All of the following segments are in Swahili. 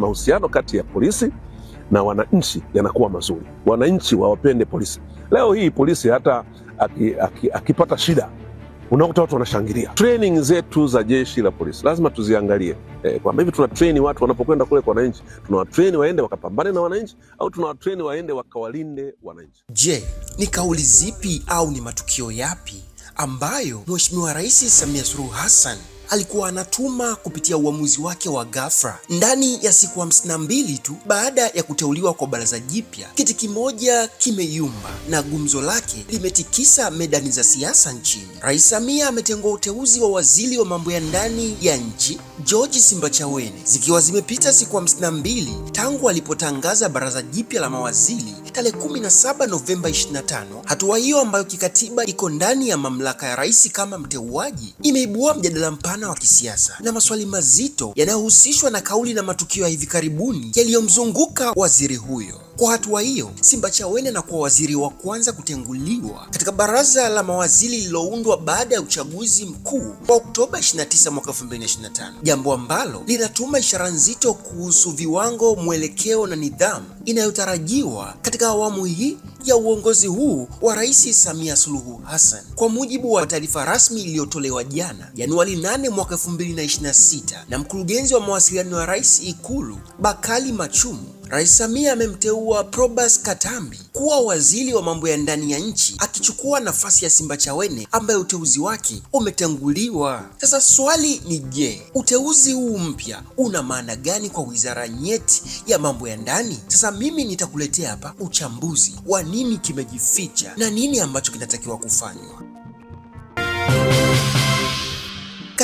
Mahusiano kati ya polisi na wananchi yanakuwa mazuri, wananchi wawapende polisi. Leo hii polisi hata akipata aki, aki shida unakuta watu wanashangilia. Training zetu za jeshi la polisi lazima tuziangalie e, kwamba hivi tuna treni watu wanapokwenda kule kwa wananchi, tuna tunawatreni waende wakapambane na wananchi au tuna tunawatreni waende wakawalinde wananchi? Je, ni kauli zipi au ni matukio yapi ambayo Mheshimiwa Rais Samia Suluhu Hassan alikuwa anatuma kupitia uamuzi wake wa ghafla. Ndani ya siku 52 tu baada ya kuteuliwa kwa baraza jipya, kiti kimoja kimeyumba na gumzo lake limetikisa medani za siasa nchini. Rais Samia ametengua uteuzi wa waziri wa mambo ya ndani ya nchi George Simbachawene, zikiwa zimepita siku 52 tangu alipotangaza baraza jipya la mawaziri tarehe 17 Novemba 25. Hatua hiyo ambayo kikatiba iko ndani ya mamlaka ya rais kama mteuaji imeibua mjadala mpana mvutano wa kisiasa na maswali mazito yanayohusishwa na kauli na matukio ya hivi karibuni yaliyomzunguka waziri huyo. Kwa hatua hiyo, simba na anakuwa waziri wa kwanza kutenguliwa katika baraza la mawaziri lililoundwa baada ya uchaguzi mkuu wa Oktoba 29 mwaka 2025, jambo ambalo linatuma ishara nzito kuhusu viwango, mwelekeo na nidhamu inayotarajiwa katika awamu hii ya uongozi huu wa Rais Samia Suluhu Hassan. Kwa mujibu wa taarifa rasmi iliyotolewa jana Januari 8 mwaka 2026 na mkurugenzi wa mawasiliano ya Rais Ikulu Bakali Machumu Rais Samia amemteua Probas Katambi kuwa waziri wa mambo ya ndani ya nchi akichukua nafasi ya Simbachawene ambaye uteuzi wake umetanguliwa. Sasa swali ni je, uteuzi huu mpya una maana gani kwa wizara nyeti ya mambo ya ndani? Sasa mimi nitakuletea hapa uchambuzi wa nini kimejificha na nini ambacho kinatakiwa kufanywa.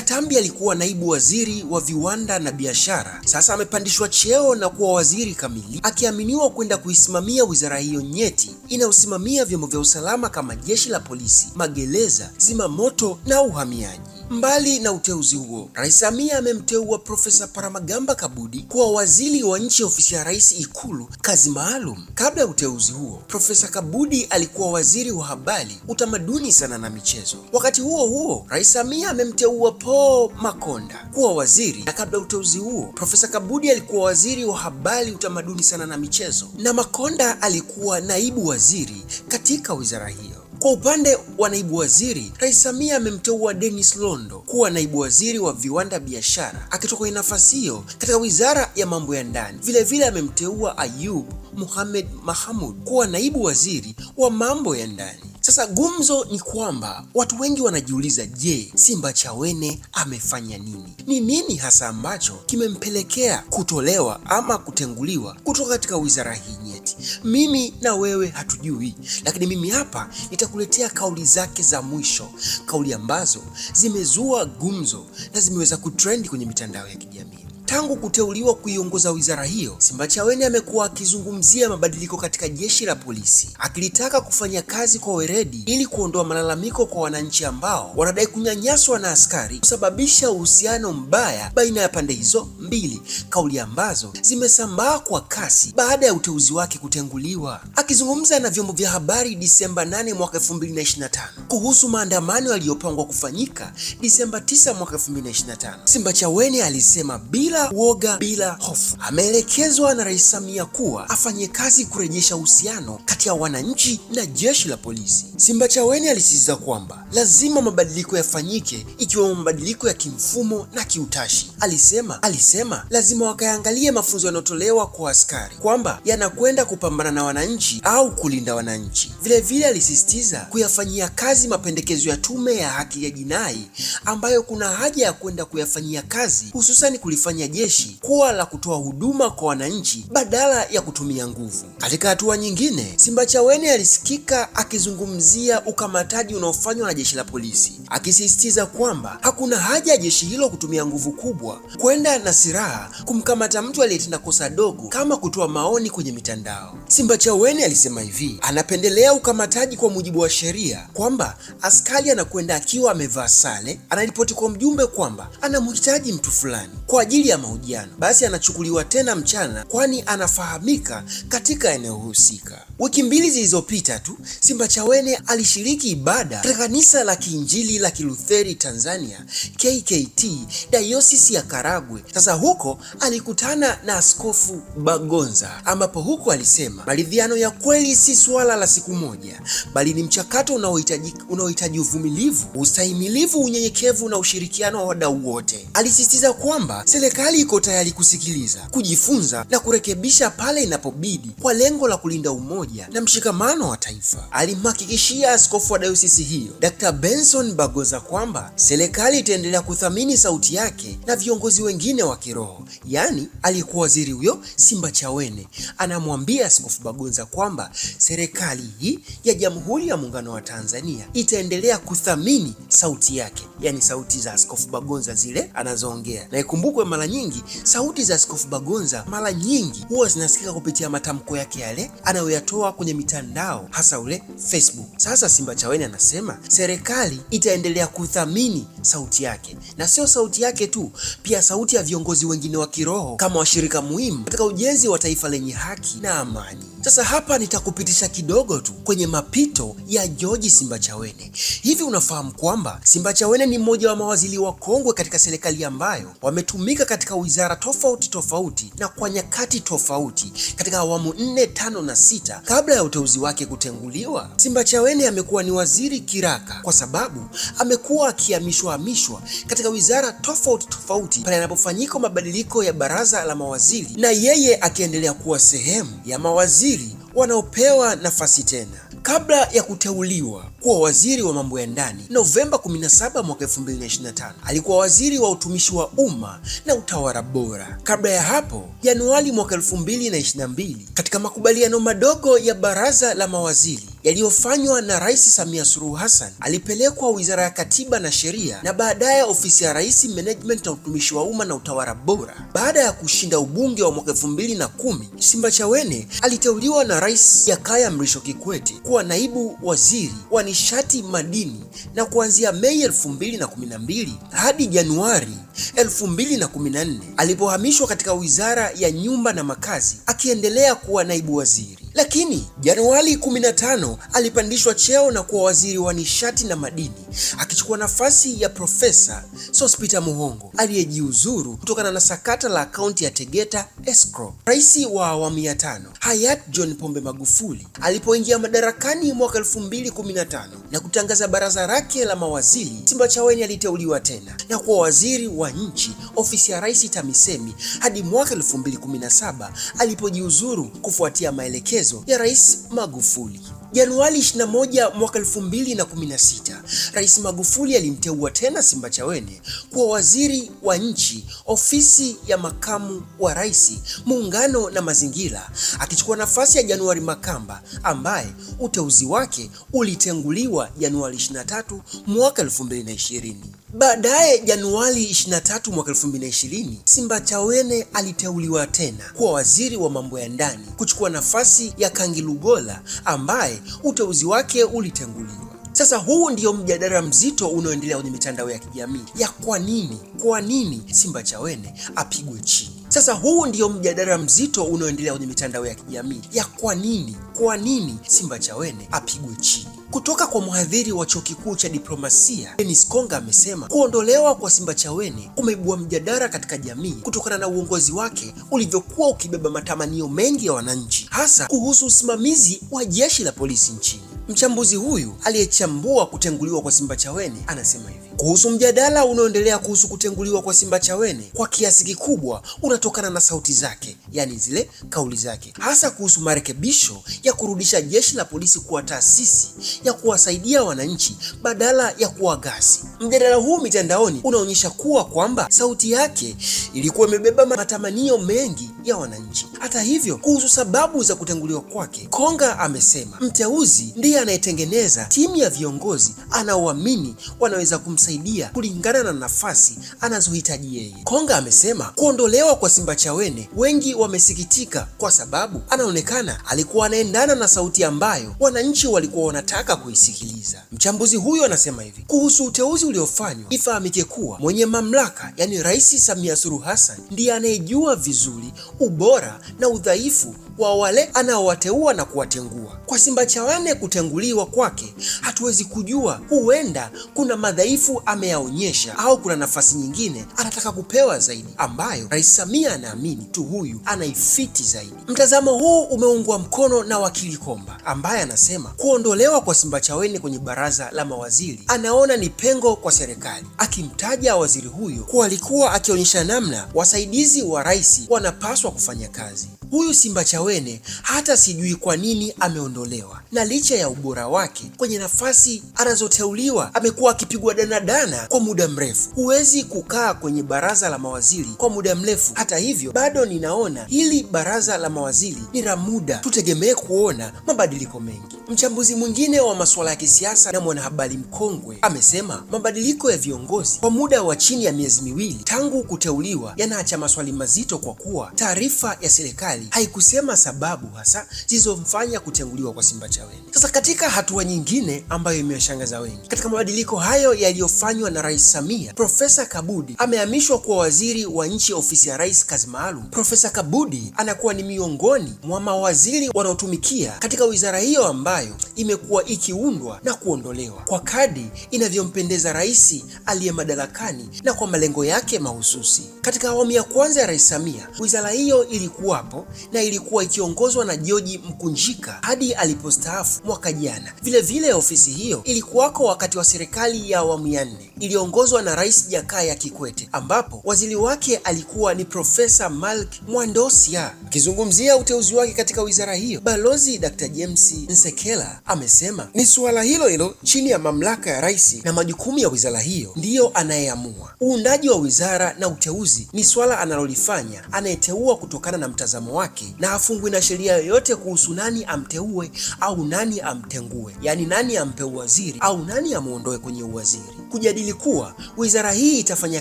Katambi alikuwa naibu waziri wa viwanda na biashara, sasa amepandishwa cheo na kuwa waziri kamili, akiaminiwa kwenda kuisimamia wizara hiyo nyeti inayosimamia vyombo vya usalama kama jeshi la polisi, magereza, zimamoto na uhamiaji. Mbali na uteuzi huo, Rais Samia amemteua Profesa Paramagamba Kabudi kuwa waziri wa nchi ofisi ya Rais Ikulu, kazi maalum. Kabla ya uteuzi huo, Profesa Kabudi alikuwa waziri wa habari, utamaduni, sana na michezo. Wakati huo huo, Rais Samia amemteua Paul Makonda kuwa waziri, na kabla ya uteuzi huo, Profesa Kabudi alikuwa waziri wa habari, utamaduni, sana na michezo, na Makonda alikuwa naibu waziri katika wizara hiyo. Kwa upande wa naibu waziri, Rais Samia amemteua Dennis Londo kuwa naibu waziri wa viwanda biashara, akitoka kwenye nafasi hiyo katika wizara ya mambo ya ndani. Vilevile amemteua Ayub Mohamed Mahamud kuwa naibu waziri wa mambo ya ndani. Sasa gumzo ni kwamba watu wengi wanajiuliza, je, Simba Chawene amefanya nini? Ni nini hasa ambacho kimempelekea kutolewa ama kutenguliwa kutoka katika wizara hii nyeti? Mimi na wewe hatujui, lakini mimi hapa nitakuletea kauli zake za mwisho, kauli ambazo zimezua gumzo na zimeweza kutrendi kwenye mitandao ya kijamii. Tangu kuteuliwa kuiongoza wizara hiyo, Simbachawene amekuwa akizungumzia mabadiliko katika jeshi la polisi, akilitaka kufanya kazi kwa weredi ili kuondoa malalamiko kwa wananchi ambao wanadai kunyanyaswa na askari, kusababisha uhusiano mbaya baina ya pande hizo mbili, kauli ambazo zimesambaa kwa kasi baada ya uteuzi wake kutenguliwa. Akizungumza na vyombo vya habari Disemba 8 mwaka 2025 kuhusu maandamano yaliyopangwa kufanyika Disemba 9 mwaka 2025, Simbachawene alisema bila bila uoga, bila hofu. Ameelekezwa na Rais Samia kuwa afanye kazi kurejesha uhusiano kati ya wananchi na jeshi la polisi. Simbachawene alisisitiza kwamba lazima mabadiliko yafanyike, ikiwemo mabadiliko ya kimfumo na kiutashi. Alisema alisema lazima wakaangalie mafunzo yanayotolewa kwa askari kwamba yanakwenda kupambana na wananchi au kulinda wananchi. Vilevile alisisitiza kuyafanyia kazi mapendekezo ya Tume ya Haki ya Jinai ambayo kuna haja ya kwenda kuyafanyia kazi hususan kulifanya jeshi kuwa la kutoa huduma kwa wananchi badala ya kutumia nguvu. Katika hatua nyingine, Simbachawene alisikika akizungumzia ukamataji unaofanywa na jeshi la polisi, akisisitiza kwamba hakuna haja ya jeshi hilo kutumia nguvu kubwa kwenda na silaha kumkamata mtu aliyetenda kosa dogo kama kutoa maoni kwenye mitandao. Simbachawene alisema hivi, anapendelea ukamataji kwa mujibu wa sheria, kwamba askari anakwenda akiwa amevaa sare, anaripoti kwa mjumbe kwamba anamhitaji mtu fulani kwa ajili ya mahojiano, basi anachukuliwa tena mchana, kwani anafahamika katika eneo husika. Wiki mbili zilizopita tu simba chawene alishiriki ibada katika kanisa la Kiinjili la Kilutheri Tanzania KKT Dayosisi ya Karagwe. Sasa huko alikutana na Askofu Bagonza, ambapo huko alisema maridhiano ya kweli si suala la siku moja, bali ni mchakato unaohitaji unaohitaji uvumilivu, ustahimilivu, unyenyekevu na ushirikiano wa wadau wote. Alisisitiza kwamba serikali Serikali iko tayari kusikiliza, kujifunza na kurekebisha pale inapobidi kwa lengo la kulinda umoja na mshikamano wa taifa. Alimhakikishia askofu wa dayosisi hiyo Dr. Benson Bagoza kwamba serikali itaendelea kuthamini sauti yake na viongozi wengine wa kiroho. Yaani alikuwa waziri huyo Simba Chawene anamwambia askofu Bagoza kwamba serikali hii ya Jamhuri ya Muungano wa Tanzania itaendelea kuthamini sauti yake, yaani sauti za askofu Bagoza zile anazoongea na ikumbukwe mara nyingi sauti za Askofu Bagonza mara nyingi huwa zinasikika kupitia matamko yake yale anayoyatoa kwenye mitandao hasa ule Facebook. Sasa Simba Chaweni anasema serikali itaendelea kuthamini sauti yake, na sio sauti yake tu, pia sauti ya viongozi wengine wa kiroho kama washirika muhimu katika ujenzi wa taifa lenye haki na amani. Sasa hapa nitakupitisha kidogo tu kwenye mapito ya George Simbachawene. Hivi unafahamu kwamba Simbachawene ni mmoja wa mawaziri wakongwe katika serikali ambayo wametumika katika wizara tofauti tofauti na kwa nyakati tofauti katika awamu nne, tano na sita kabla ya uteuzi wake kutenguliwa. Simbachawene amekuwa ni waziri kiraka kwa sababu amekuwa akihamishwa hamishwa katika wizara tofauti tofauti pale anapofanyika mabadiliko ya baraza la mawaziri na yeye akiendelea kuwa sehemu ya mawaziri wanaopewa nafasi tena. Kabla ya kuteuliwa, kuwa waziri wa mambo ya ndani Novemba 17 mwaka 2025. Alikuwa waziri wa utumishi wa umma na utawala bora. Kabla ya hapo, Januari mwaka 2022, katika makubaliano madogo ya baraza la mawaziri yaliyofanywa na Rais Samia Suluhu Hassan alipelekwa Wizara ya Katiba na Sheria na baadaye Ofisi ya Rais Management na Utumishi wa Umma na Utawala Bora. Baada ya kushinda ubunge wa mwaka 2010, Simbachawene aliteuliwa na Rais Jakaya Mrisho Kikwete kuwa naibu waziri wa nishati madini na kuanzia Mei 2012 hadi Januari 2014 alipohamishwa katika Wizara ya Nyumba na Makazi akiendelea kuwa naibu waziri. Lakini Januari 15 alipandishwa cheo na kuwa waziri wa nishati na madini, akichukua nafasi ya Profesa Sospeter Muhongo aliyejiuzuru kutokana na sakata la akaunti ya Tegeta Escrow. Rais wa awamu ya tano hayati John Pombe Magufuli alipoingia madarakani mwaka 2015 na kutangaza baraza lake la mawaziri, Simbachawene aliteuliwa tena na kuwa waziri wa nchi ofisi ya Rais TAMISEMI hadi mwaka 2017 alipojiuzuru kufuatia maelekezo maelekezo ya Rais Magufuli. Januari 21 mwaka 2016, Rais Magufuli alimteua tena Simbachawene kuwa waziri wa nchi, ofisi ya makamu wa rais, muungano na mazingira, akichukua nafasi ya Januari Makamba ambaye uteuzi wake ulitenguliwa Januari 23 mwaka 2020. Baadaye Januari 23 mwaka 2020, chawene aliteuliwa tena kuwa waziri wa mambo ya ndani kuchukua nafasi ya Kangi Lugola ambaye uteuzi wake ulitenguliwa. Sasa huu ndio mjadala mzito unaoendelea kwenye mitandao ya kijamii ya kwa nini, kwa nini simba chawene apigwe chini. Sasa huu ndio mjadala mzito unaoendelea kwenye mitandao ya kijamii ya kwa nini, kwa nini Simba Chawene apigwe chini. Kutoka kwa mhadhiri wa chuo kikuu cha diplomasia Dennis Konga amesema kuondolewa kwa Simba Chawene kumeibua mjadala katika jamii kutokana na uongozi wake ulivyokuwa ukibeba matamanio mengi ya wananchi, hasa kuhusu usimamizi wa jeshi la polisi nchini. Mchambuzi huyu aliyechambua kutenguliwa kwa Simba Chawene anasema hivi kuhusu mjadala unaoendelea kuhusu kutenguliwa kwa Simba Chawene, kwa kiasi kikubwa unatokana na sauti zake, yani zile kauli zake, hasa kuhusu marekebisho ya kurudisha jeshi la polisi kuwa taasisi ya kuwasaidia wananchi badala ya kuwa gasi Mjadala huu mitandaoni unaonyesha kuwa kwamba sauti yake ilikuwa imebeba matamanio mengi ya wananchi. Hata hivyo, kuhusu sababu za kutenguliwa kwake, Konga amesema mteuzi ndiye anayetengeneza timu ya viongozi anaoamini wanaweza kumsaidia kulingana na nafasi anazohitaji yeye. Konga amesema kuondolewa kwa Simba Chawene wengi wamesikitika kwa sababu anaonekana alikuwa anaendana na sauti ambayo wananchi walikuwa wanataka kuisikiliza. Mchambuzi huyo anasema hivi kuhusu uteuzi uliofanywa, ifahamike kuwa mwenye mamlaka, yani Rais Samia Suluhu Hassan, ndiye anayejua vizuri ubora na udhaifu wa wale anaowateua na kuwatengua. Kwa Simba Chawene kutenguliwa kwake, hatuwezi kujua, huenda kuna madhaifu ameyaonyesha au kuna nafasi nyingine anataka kupewa zaidi, ambayo Rais Samia anaamini tu huyu anaifiti zaidi. Mtazamo huu umeungwa mkono na wakili Komba ambaye anasema kuondolewa kwa Simba Chawene kwenye baraza la mawaziri anaona ni pengo kwa serikali, akimtaja waziri huyo kuwa alikuwa akionyesha namna wasaidizi wa rais wanapaswa kufanya kazi. Huyu Simba Chawene Wene hata sijui kwa nini ameondolewa, na licha ya ubora wake kwenye nafasi anazoteuliwa amekuwa akipigwa danadana kwa muda mrefu. Huwezi kukaa kwenye baraza la mawaziri kwa muda mrefu. Hata hivyo, bado ninaona hili baraza la mawaziri ni la muda, tutegemee kuona mabadiliko mengi. Mchambuzi mwingine wa masuala ya kisiasa na mwanahabari mkongwe amesema mabadiliko ya viongozi kwa muda wa chini ya miezi miwili tangu kuteuliwa yanaacha maswali mazito, kwa kuwa taarifa ya serikali haikusema sababu hasa zilizomfanya kutenguliwa kwa Simba wengi Sasa katika hatua nyingine ambayo imewashangaza wengi katika mabadiliko hayo yaliyofanywa na Rais Samia, Profesa Kabudi amehamishwa kuwa waziri wa nchi ofisi ya Rais kazi maalum. Profesa Kabudi anakuwa ni miongoni mwa mawaziri wanaotumikia katika wizara hiyo ambayo imekuwa ikiundwa na kuondolewa kwa kadi inavyompendeza rais aliye madarakani na kwa malengo yake mahususi. Katika awamu ya kwanza ya Rais Samia, wizara hiyo ilikuwapo na ilikuwa ikiongozwa na George Mkunjika hadi alipostaafu mwaka jana. Vilevile ofisi hiyo ilikuwako wakati wa serikali ya awamu ya nne iliongozwa na Rais Jakaya Kikwete, ambapo waziri wake alikuwa ni Profesa malk Mwandosia. Akizungumzia uteuzi wake katika wizara hiyo, Balozi Dr. James Nsekela amesema ni suala hilo hilo chini ya mamlaka ya rais na majukumu ya wizara hiyo ndiyo anayeamua. Uundaji wa wizara na uteuzi ni swala analolifanya anayeteua kutokana na mtazamo wake na hafungwi na sheria yoyote kuhusu nani amteue au nani amtengue, yaani nani ampe uwaziri au nani amuondoe kwenye uwaziri. Kujadili kuwa wizara hii itafanya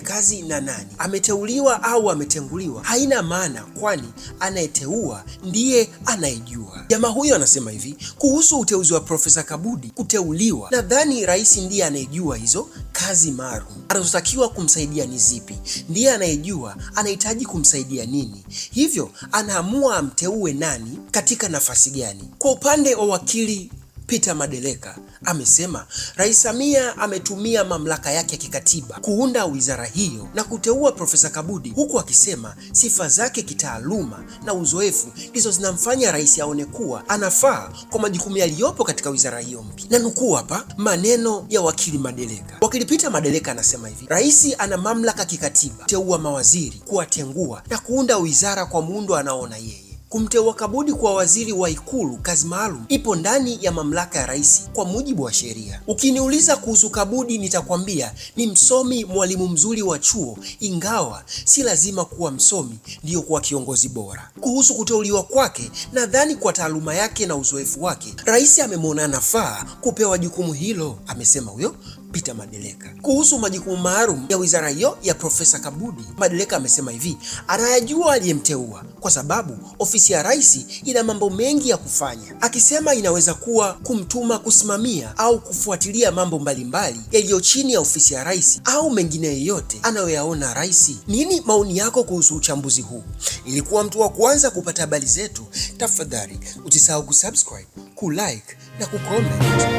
kazi na nani ameteuliwa au ametenguliwa haina maana, kwani anayeteua ndiye anayejua. Jamaa huyo anasema hivi kuhusu uteuzi wa Profesa Kabudi kuteuliwa, nadhani rais ndiye anayejua hizo kazi maalum anazotakiwa kumsaidia ni zipi, ndiye anayejua anahitaji kumsaidia nini, hivyo anaamua amteue uwe nani katika nafasi gani. Kwa upande wa wakili Peter Madeleka amesema Rais Samia ametumia mamlaka yake ya kikatiba kuunda wizara hiyo na kuteua Profesa Kabudi, huku akisema sifa zake kitaaluma na uzoefu ndizo zinamfanya rais aone kuwa anafaa kwa majukumu yaliyopo katika wizara hiyo mpya. Na nukuu hapa maneno ya wakili Madeleka. Wakili Peter Madeleka anasema hivi: rais ana mamlaka kikatiba kuteua mawaziri, kuwatengua na kuunda wizara kwa muundo anaoona yeye Kumteua Kabudi kwa waziri wa Ikulu, kazi maalum, ipo ndani ya mamlaka ya rais kwa mujibu wa sheria. Ukiniuliza kuhusu Kabudi, nitakwambia ni msomi, mwalimu mzuri wa chuo, ingawa si lazima kuwa msomi ndiyo kuwa kiongozi bora. Kuhusu kuteuliwa kwake, nadhani kwa taaluma yake na uzoefu wake, rais amemwona nafaa kupewa jukumu hilo, amesema huyo Peter Madeleka. Kuhusu majukumu maalum ya wizara hiyo ya Profesa Kabudi, Madeleka amesema hivi, anayajua aliyemteua kwa sababu ofisi ya rais ina mambo mengi ya kufanya, akisema inaweza kuwa kumtuma kusimamia au kufuatilia mambo mbalimbali yaliyo chini ya ofisi ya rais au mengine yoyote anayoyaona rais. Nini maoni yako kuhusu uchambuzi huu? Ilikuwa mtu wa kwanza kupata habari zetu, tafadhali usisahau kusubscribe, kulike na kucomment.